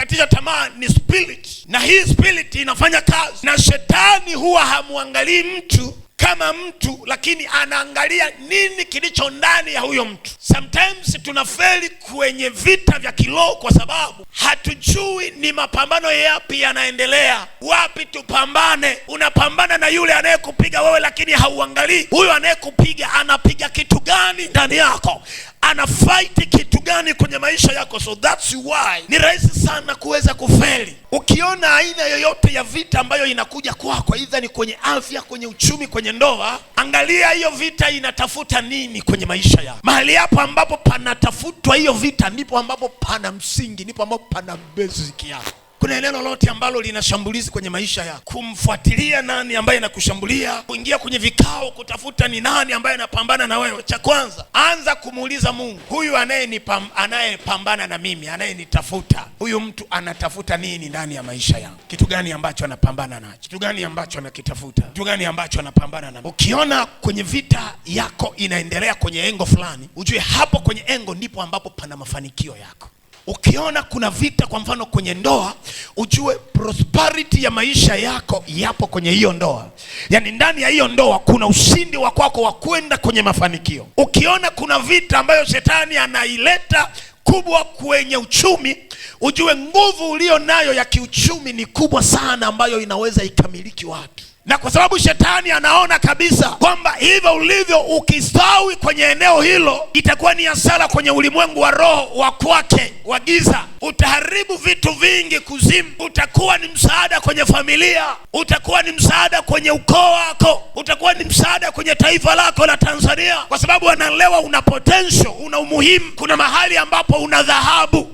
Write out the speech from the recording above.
kukatisha tamaa ni spirit, na hii spirit inafanya kazi, na shetani huwa hamwangalii mtu kama mtu lakini anaangalia nini kilicho ndani ya huyo mtu. Sometimes tunafeli kwenye vita vya kiroho kwa sababu hatujui ni mapambano yapi yanaendelea, wapi tupambane. Unapambana na yule anayekupiga wewe, lakini hauangalii huyo anayekupiga anapiga kitu gani ndani yako anafaiti kitu gani kwenye maisha yako. So that's why ni rahisi sana kuweza kufeli. Ukiona aina yoyote ya vita ambayo inakuja kwako, aidha ni kwenye afya, kwenye uchumi, kwenye ndoa, angalia hiyo vita inatafuta nini kwenye maisha yako. Mahali hapo ambapo panatafutwa hiyo vita, ndipo ambapo pana msingi, ndipo ambapo pana basic yako. Kuna eneo lote ambalo lina shambulizi kwenye maisha yako, kumfuatilia nani ambaye anakushambulia, kuingia kwenye vikao kutafuta ni nani ambaye anapambana na wewe. Cha kwanza, anza kumuuliza Mungu, huyu anayepambana na mimi, anayenitafuta huyu mtu anatafuta nini ndani ya maisha yangu? Kitu gani ambacho anapambana nacho? Kitu gani ambacho anakitafuta? Kitu gani ambacho anapambana na? Ukiona kwenye vita yako inaendelea kwenye engo fulani, ujue hapo kwenye engo ndipo ambapo pana mafanikio yako. Ukiona kuna vita, kwa mfano kwenye ndoa, ujue prosperity ya maisha yako yapo kwenye hiyo ndoa, yaani ndani ya hiyo ndoa kuna ushindi wa kwako wa kwenda kwenye mafanikio. Ukiona kuna vita ambayo shetani anaileta kubwa kwenye uchumi, ujue nguvu ulio nayo ya kiuchumi ni kubwa sana, ambayo inaweza ikamiliki watu na kwa sababu shetani anaona kabisa kwamba hivyo ulivyo, ukistawi kwenye eneo hilo itakuwa ni hasara kwenye ulimwengu wa roho wa kwake wa giza. Utaharibu vitu vingi kuzimu, utakuwa ni msaada kwenye familia, utakuwa ni msaada kwenye ukoo wako, utakuwa ni msaada kwenye taifa lako la Tanzania, kwa sababu analewa una potential, una umuhimu, kuna mahali ambapo una dhahabu